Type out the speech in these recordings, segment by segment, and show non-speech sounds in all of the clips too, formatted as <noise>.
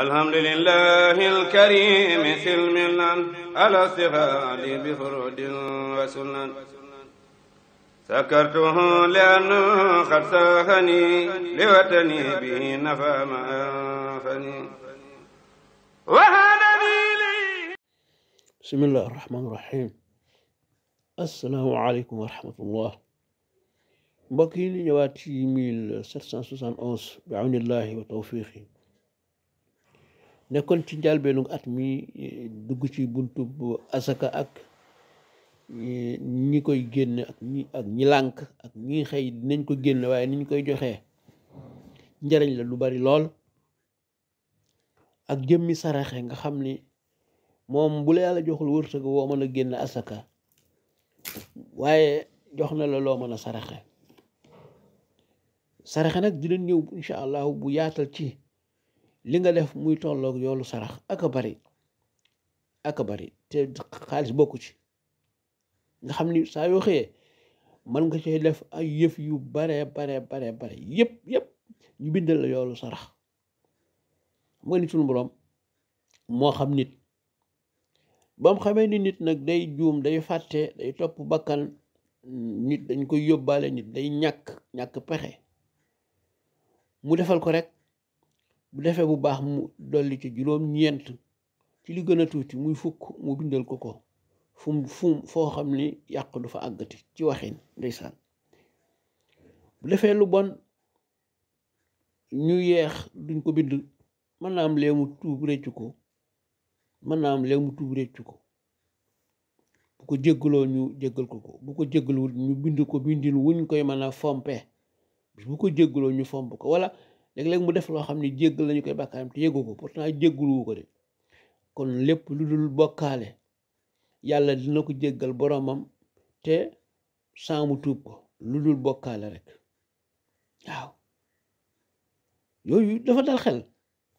الحمد لله الكريم سلم على استغال بفرود وسنن سكرته لأنه قد ساخني لوطني به نفى ما أنفني وهذا بسم الله الرحمن الرحيم السلام عليكم ورحمة الله mbokk yi ñu ñëwaat ci 1771 bi awnillahi wa tawfiqi nekkoon ci njëlbeenu at mi dugg ci buntu asaka ak e, ñi koy génne ak ñi ak ñi lànk ak ñi xëy dinañ ko génne waaye ni ñu koy joxee njariñ la lu bari lool ak jëmmi saraxe nga xam ni moom bu la yàlla joxul wërsëg woo mën a génn asaka waaye jox na la loo mën a saraxe saraxe nag dinañ ñëw incha allah bu yaatal ci li nga def muy tolloog yoolu sarax ak bari ak a bari te xaalis bokku ci nga xam ni saa yoo xëyee mën nga cay def ay yëf yu bare bare bare yëpp yëpp ñu bindal la yoolu sarax mu nga ni boroom moo xam nit ba xamee ni nit nag day juum day fàtte day topp bakkan nit dañ koy yóbbaale nit day ñàkk ñàkk pexe mu defal ko rek bu defee bu baax mu dolli ci juróom-ñeent ci li gën a tuuti muy fukk mu bindal ko ko fu mu fu foo xam ni yàq du fa àggati ci waxin ndeysaan bu defee lu bon ñu yeex duñ ko bind mën naa am lee mu tuub réccu ko mën naa am mu tuub ko bu ko jéggaloo ñu jéggal ko ko bu ko jéggaluwul ñu bind ko bindin wuñ koy mën a fompe bu ko jéggaloo ñu fomp ko wala léeg-léeg mu def loo xam ne jéggal lañu koy bàkkaaram te yëgu ko pourtant jégguluwu ko de kon lépp lu dul bokkaale yàlla dina ko jéggal boromam te saamu tuub ko lu dul bokkaale rek waaw yooyu dafa dal xel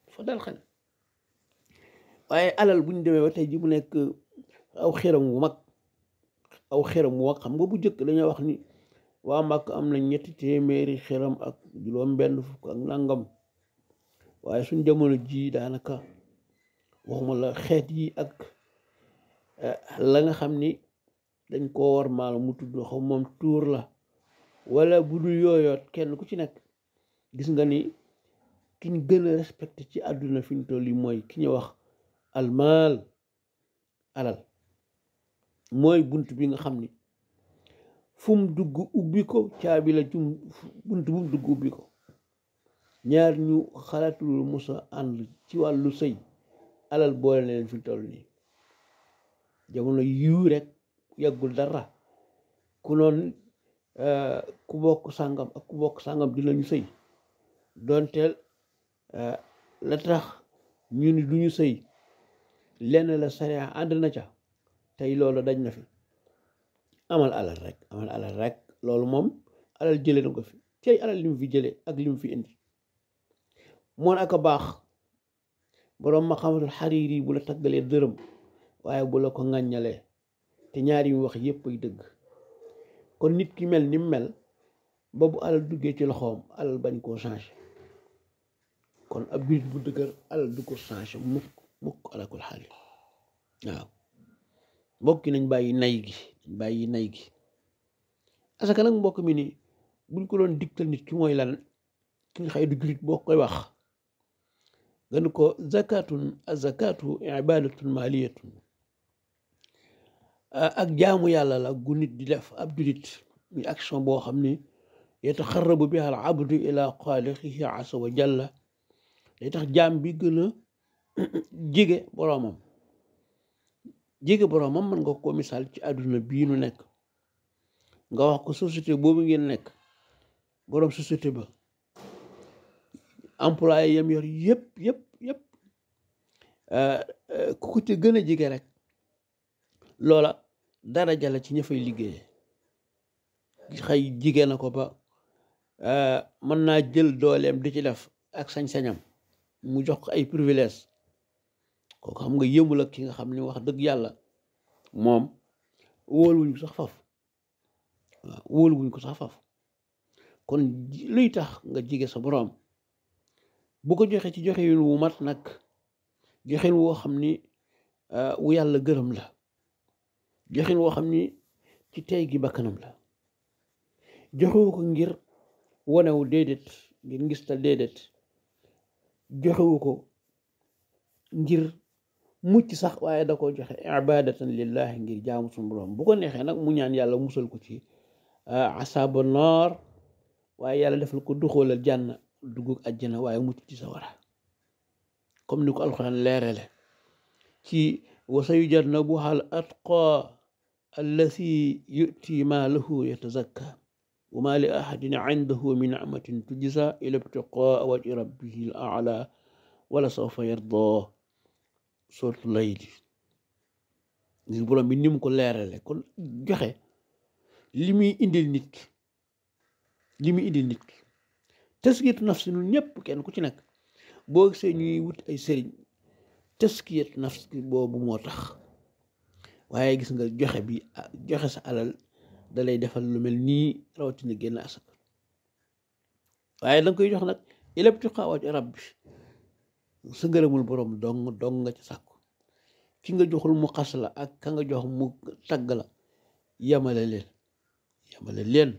dafa dal xel waaye alal bu ñu demee ba tey ji mu nekk aw xiram wu mag aw xiram wu mag xam nga bu jëkk dañoo wax ni waa màkk am na ñetti téeméeri xëram ak juróom benn fukk ak nangam waaye suñ jamono ji daanaka waxuma la xeet yi ak eh, la nga xam ni dañ koo war maal mu tudd xaw moom tuur la walla bu dul kenn ku ci nekk gis nga ni kiñ gën a respecté ci àdduna fi ñu toll yi mooy ki ñu wax almaal alal mooy bunt bi nga xam ni fu dugg ubbiko ko caabi la cum bunt bu dugg ubbi ñaar ñu xalaatul musa ànd ci wàllu sëy alal boole na leen fi toll nii jamono yiw rek yàggul dara ku noon euh, ku bokk sàngam ak ku bokk sàngam dinañu sëy doonteel euh, la tax ñu ni duñu sëy lenn la sariya ànd na ca tey loolu dañ na fi amal alal rek amal alal rek loolu moom alal jëlee na ko fi tey alal li mu fi jëlee ak li mu fi indi moon ak a baax boroom ma xamatul xariir yi bu la taggalee dërëm waaye bu la ko ŋàññalee te ñaari wax yépp ay dëgg kon nit ki mel ni mu mel ba bu alal duggee ci loxoom alal bañ koo changé kon ab biir bu dëgër alal du ko changé mukk mukk alakul xaalis waaw bokki nañ bàyyi nay gi bàyyi nay gi asaka nag mbokk mi nii buñ ko doon digtal nit ki mooy lan ki nga xëy du julit boo koy wax gën ko zakatun azakatu ibadatun maliyatun ah, ak jaamu yàlla la gu nit di def ab julit muy action boo xam ni yataxarrabu biha al abdu ila xaaliqihi asa wa jalla day tax jaam bi gën a <clears throat> jege boroomam jege boroomam mën nga ko misaal ci àdduna bii nu nekk nga wax ko société boobu ngeen nekk boroom société ba emploi yam yor yëpp yëpp yëpp eh, eh, ku ko ci gën a jege rek loola dara jala ci ña fay liggéeye xëy jige ko ba eh, mën naa jël dooleem di ci def ak sañ mu jox ko ay privilège kooku xam nga yëmul ak ki nga xam ni wax dëgg yàlla moom wóoluwuñ ko sax faf waaw ko sax faf kon luy tax nga jige sa boroom bu ko joxe ci joxe wu mat nag joxin woo xam ni ah, wu yàlla gërëm la joxin woo xam ni ci tey gi bàkkanam la joxewu ko ngir wanewu déedéet ngir ngis tal joxewu ko ngir mucc sax waaye da ko joxe ibadatan lillahi ngir jaamu suñu borom bu ko neexee nag mu ñaan yàlla musal ko ci ah, asaba noor waaye yàlla defal ko duxóolal jànn dugg àjjana waaye mucc ci sawara comme ni ko alxuraan leerale ci wa sayujannabuha al atqa allati yu'ti ma lahu yatazakka wa ma li ahadin indahu min ni'matin tujza ila ibtiqaa wajhi rabbihi al a'la wala sawfa yardaa sortu lay di ngir borom bi ni ko leerale kon joxe li muy indil nit ki li muy indil nit ki taskiyatu nafs ñun ñëpp kenn ku ci nekk boo gisee ñuy wut ay sëriñ taskiyatu nafs boobu moo tax waaye gis nga joxe bi joxe sa alal dalay defal lu mel nii rawatina génn asaka waaye danga koy jox nag ilab ci xawaaju rab bi sa ngërëmul borom dong dong nga ci sàkku ki nga joxul mu xas la ak ka nga jox mu tagg la yamale leen yamale leen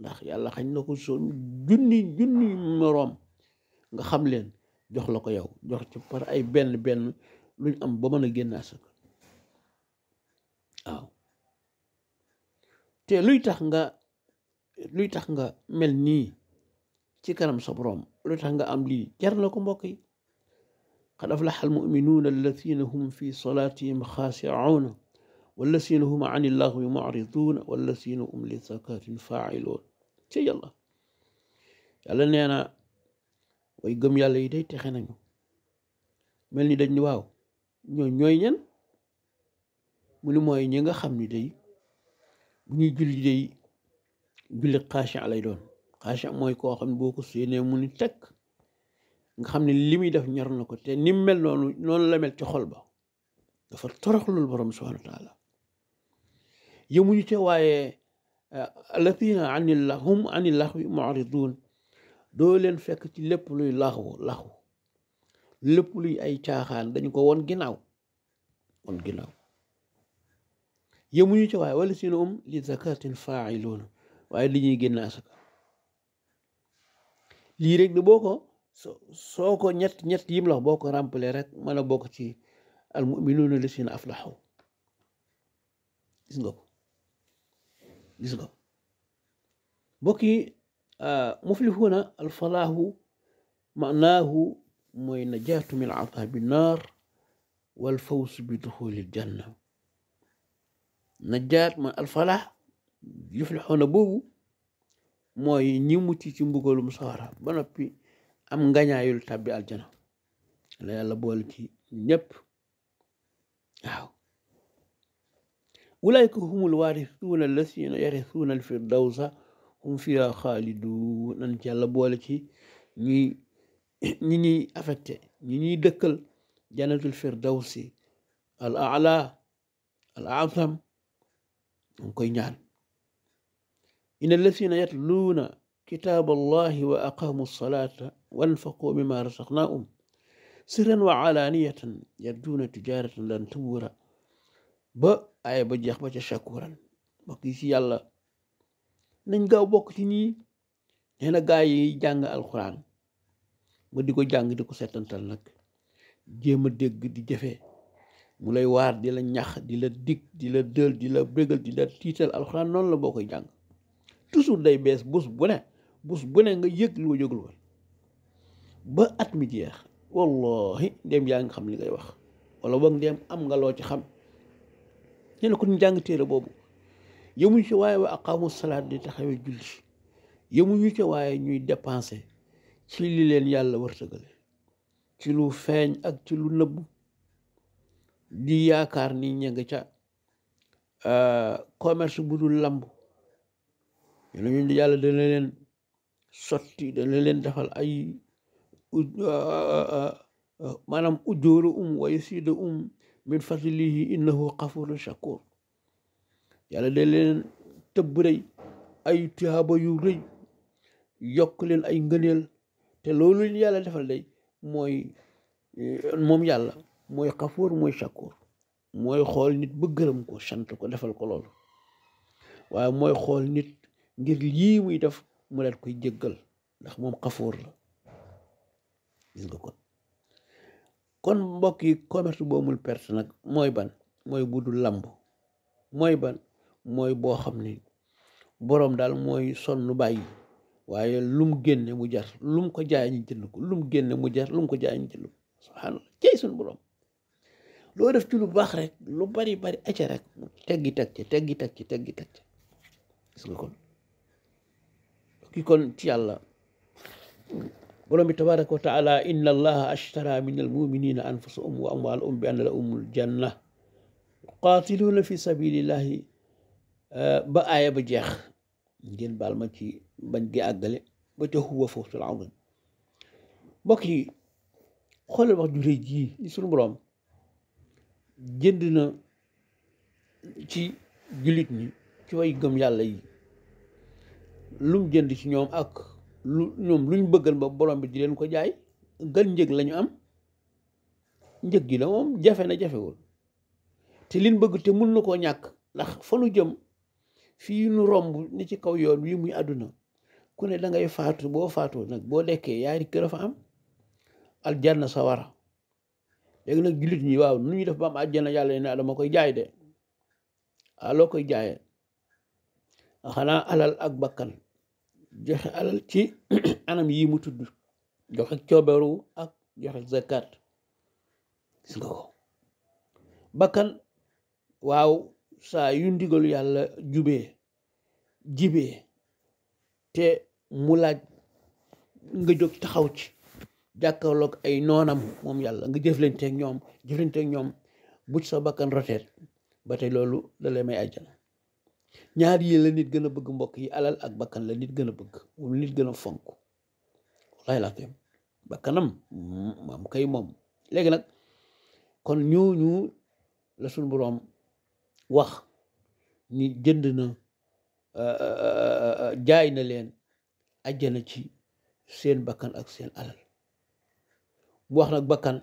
ndax yàlla xañ na ko son junni junni moroom nga xam leen jox la ko yow jox ci par ay benn benn luñ am ba mën a génn asaka waaw te luy tax nga luy tax nga mel nii ci kanam sa borom luy tax nga am lii jar na ko mbokk yi qad aflaha almuminuuna alladina hum fi salaatihim xaasicuuna wallasina hum an illahwi mucriduuna wallasina hum li zakaatin faaciluun ci yàlla yàlla nee na way gëm yàlla yi day texe nañu mel ni dañ ni waaw ñoo ñooy ñen mu ni mooy ñi nga xam ni day bu ñuy julli day julli xaaci lay doon xaaci mooy koo xam ne boo ko séenee mu ni tekk nga xam ne li muy def ñor na ko te ni mel noonu noonu la mel ci xol ba dafa toroxlul borom subhanahu wa taala yëmuñu ca waaye eh, alladina ani la hum ani laxwi mu'ridun doo leen fekk ci lépp luy laxwu laxwu lépp luy ay caaxaan dañu ko won ginnaaw won ginnaaw yëmuñu ca waaye wala sina um li zakatin faa'iluun waaye li ñuy génn lii rek de boo soo ko ñett ñett yim la boo ko ràmpale rek mën a bokk ci al muminuuna lisina aflaxu gis nga ko gis nga ko mbokk yi ah, muflixuuna al falaahu maanaahu mooy najaatu min adaabi naar wal fawsu bi duxuli janna najaat ma al falaax yuflixuuna boobu mooy ñi mucc ci mbugalum sawara ba noppi am ngañaayul tàbbi aljana la yàlla boole ci ñëpp waaw ulaayka humul waarisuuna allasiina yarisuuna alfirdawsa hum fiha xaaliduun nan ci yàlla boole ci ñi ñi ñuy affecté ñi ñuy dëkkal jannatul firdawsi al ala al azam ñu koy ñaan inna allasiina yatluuna kitaaba allahi wa aqaamu salaata wa anfaquu mimmaa razaqnaahum sirran wa alaaniyatan yarjuuna tijaaratan lan tabuura ba ay ba jeex ba ca shakuran mbokk yi si yàlla nañ gaaw bokk ci ñii nee na gaa yi jàng alxuraan nga di ko jàng di ko setantal nag jéem a dégg di jafe mu lay waar di la ñax di la dig di la dël di la bégal di la tiital alxuraan noonu la boo koy jàng day bees bus bu bus bu ne nga yëg loo yëgul woon ba at mi jeex wallahi ndem yaa xam li ngay wax wala boog ndem am nga loo ci xam ñu ne ko ñu jàng téere boobu yemuñ ci waaye wa aqaamu salaat di taxawee julli yemuñu ci waaye ñuy dépenser ci li leen yàlla wërtëgale ci lu feeñ ak ci lu nëbb di yaakaar ni ña nga ca euh, commerce bu dul lamb yéen a yàlla dana leen. sotti dana leen defal ay maanaam ujóoru um wa yasiida um min fadlihi innahu xafurun shakur yàlla da leen tëbb rëy ay tuyaaba yu rëy yokk leen ay ngëneel te loolu yàlla defal day mooy e, moom yàlla mooy xafuur mooy shakur mooy xool nit ba gërëm ko sant ko defal ko loolu waaye mooy xool nit ngir lii muy def mu leen koy jéggal ndax moom xafoor la gis nga kon kon mbokk yi commerce boomul perte nag mooy ban mooy bu du lamb mooy ban mooy boo xam ni boroom daal mooy sonn bàyyi waaye lum génne mu jar lum ko jaay jënd ko lum génne mu jar lum ko suñu boroom loo def ci lu baax rek lu bari bari acca rek teggi teg ci teggi teg ci teggi teg ci gis nga kon ki kon ci yàlla borom bi wa taala inna allaha ashtara min almuminina anfusahum wa amwalahum bi anna lahumul janna yuqatiluuna fi sabilillahi ba aaya jeex ngeen baal ci bañ gi àggale ba ca huwa fawzul azim mbokk yi xoolal wax ju rëy jii li suñu na ci jullit ci way gëm yàlla lu mu ci ñoom ak lu ñoom bëggal ba borom bi di leen ko jaay gan njëg lañu am njëg gi la moom jafe na jafewul te liñ bëgg te mun na koo ñàkk ndax fa nu jëm fii nu romb ni ci kaw yoon wi muy àdduna ku ne dangay faatu boo faatoo nag boo dekkee yaari kër a fa am aljanna sawara léegi nag jullit ñi waaw nu ñuy def ba am na yàlla ne dama koy jaay de ah koy jaaye xanaa alal ak bakkan joxe alal ci <clears throat> anam yii mu tudd joxe cooberu ak joxe zakat gis nga bakkan waaw saa yu ndigalu yàlla jubee jibee te mu laaj nga jóg taxaw ci jàkkaarloog ay noonam moom yàlla nga jëflanteeg ñoom jëflanteeg ñoom bu sa bakkan roteet ba tey loolu la lay may àjjana ñaar yi la nit gën a bëgg mbokk yi alal ak bakkan la nit gën a bëgg moom nit gën a fonk wallaay laa koy bakkanam maam mm, kay moom léegi nag kon ñooñu la suñu boroom wax ni jënd na euh, euh, euh, jaay na leen ajjana ci seen bakkan ak seen alal bu wax nag bakkan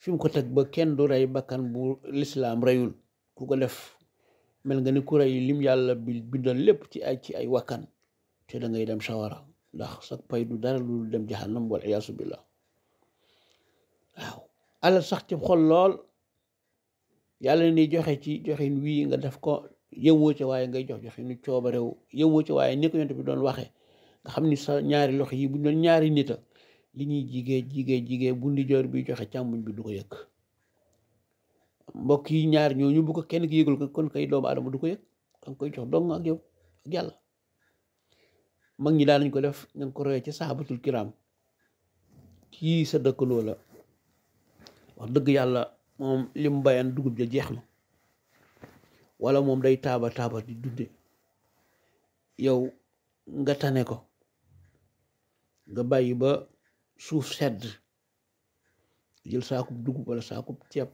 fi ko teg ba kenn du rey bakkan bu lislaam reyul ku ko def mel nga ne kuréel yi lim yàlla bi bindoon lépp ci ay ci ay wakkan te da ngay dem sawara ndax sa pay du dara lu dem jahannam wal iyaasu billah waaw alal sax ci xol lool yàlla ni joxe ci joxin wii nga def ko yëwoo ca waaye ngay jox joxinu coobarew yëwoo ca waaye ni ko yonent bi doon waxe nga xam ni sa ñaari loxo yi bu ñu doon ñaari nita li ñuy jigee jigee jigee bu ndijoor bi joxe càmmuñ bi du ko yëkk mbokk yi ñaar ñooñu bu ko kenn ki yëgul kon kay doomu aadama du ko yëg danga koy jox dong ak yow ak yàlla mag ñi daanañ ko def nga ko royee ci saxaabatul kiraam kii sa dëkkaloo la wax dëgg yàlla moom li bayan dugub ja jeex na wala moom day taaba taaba di dunde yow nga tane ko nga bàyyi ba suuf sedd jël saakub dugub wala saakub ceeb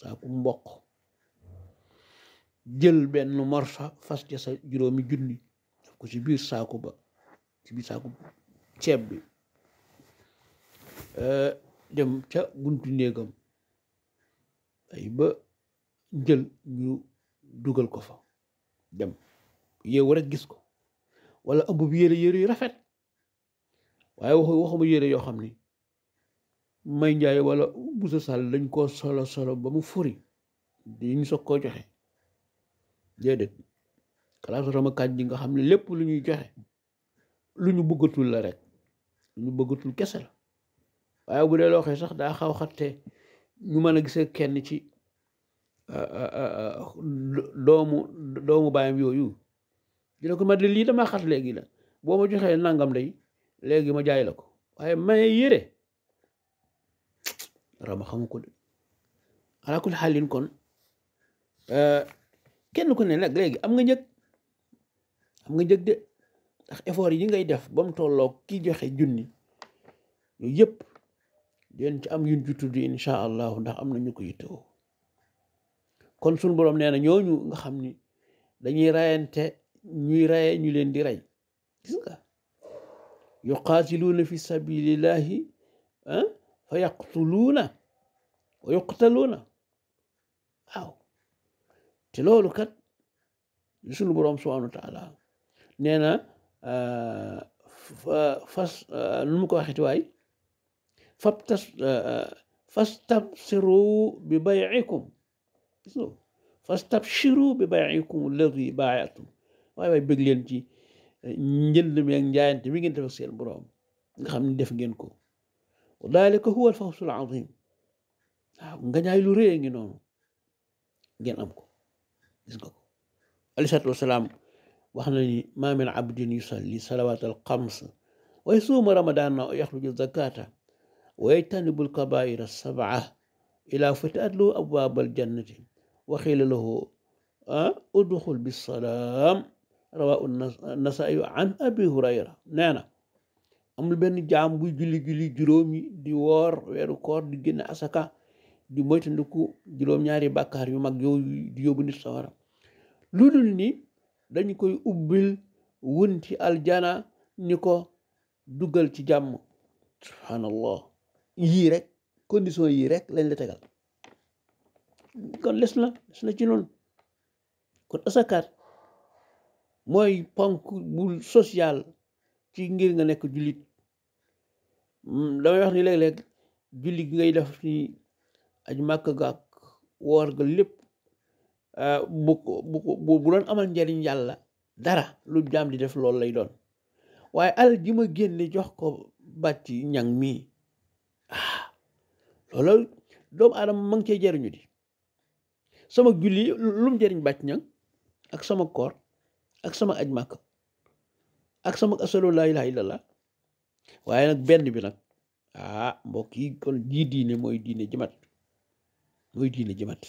saaku mboq jël benn morsa fas ca sa juróomi junni def ko ci biir saaku ba ci biir saaku ceeb bi dem ca buntu néegam ay ba njël ñu dugal ko fa dem yeewu rek gis ko walla ëmb bi yére yére yu rafet waaye waxu waxuma yére yoo xam ni may njaay wala bu sa sàll dañ koo solo solo ba mu furi diñ soog koo joxe déedéet classe ramakaaj ji nga xam ne lépp lu ñuy joxe lu ñu bëggatul la rek lu ñu bëggatul kese la waaye bu dee loo xee sax daa xaw xatte ñu mën a gisee kenn ci ah, ah, ah, doomu doomu baayam yooyu dina ko ma de lii dama xat léegi la boo ma joxee nangam day léegi ma jaay la ko waaye maye yére raba xamu ko de ala kulli xaalin kon euh, kenn ku ne nag léegi am nga njëg am nga njëg de ndax effort yi ngay def ba mu tolloo ki joxe junni yooyu yëpp den ci am yun ci tudd ndax am na ñu ko yittewoo kon suñ boroom nee na ñooñu nga xam ni dañuy rayante ñuy raye ñu leen di rey gis nga yuqaatiluuna fi sabilillahi ah, fa yaqtuluuna wa yuqtaluuna waaw te loolu kat sunu boroom subhaanahu wa taala nee na ah, fas ah, nu mu ko waxeti waay fabtas ah, fastabsiru bi bay'ikum fastabsiru bi bay'ikum alladi baayatum waay waay bëgg leen ci njënd mi ak njaayante mi ngeen def ak seen boroom nga xam ne def ngeen ko dalika huwa al fawsul azim waaw ah, ngañaay lu rëy ngi noonu ngeen am ko gis nga ko aleyhi salaatu wasalaam wax na ni ma min abdin yusalli salawat al xams wa yasuuma ramadana wa yaxruju zakata wa yajtanibu al kabaira sabaa ila fataat lahu abwaab al jannati wa xiila lahu udxul bisalaam rawaahu nasaayu an abi hurayra nee na amul benn jaam bu julli julli juróomi di woor weeru koor di génn asaka di moytandiku juróom-ñaari bàkkaar yu mag yooyu di sawara lu dul ni dañu koy ubbil wunti aljana ni ko dugal ci jàmm subhanallah yii rek condition yii rek lañ la tegal kon les na les na ci noonu kon asakaat mooy ponk bu social ci ngir nga nekk jullit mm, damay wax ni léeg-léeg julli ngay def ci aj màkk gaak woor ga lépp ah, bu bu doon amal njariñ yàlla dara lu jaam di def loolu lay doon waaye alal ji ma génne jox ko bàcc ñang mii lool ah, loolu doomu aadama ma ngi cee jariñu di sama julli lu mu jariñ bàcc ñang ak sama koor ak sama aj makk ak sama asalo laa ilaha la waaye nag benn bi nag ah mbokk yi kon jii diine mooy diine jëmat mooy diine jëmat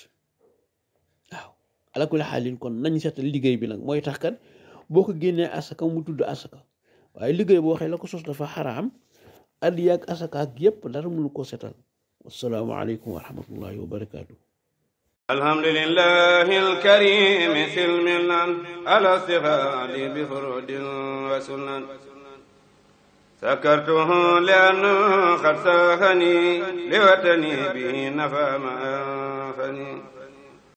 waaw ala kulli xaalin kon nañ seetal liggéey bi nag mooy tax kan boo ko génnee asaka mu tudd asaka waaye liggéey boo waxee la ko sos dafa xaraam addiya ak asaka yépp dara mënu ko seetal wassalaamu aleykum wa rahmatullahi wa barakaatu alhamdulillahi alkarimi silmilan ala sixaali bi furudin wa sunan sakartuhu lianna xad saxani liwatani bi nafa ma anfani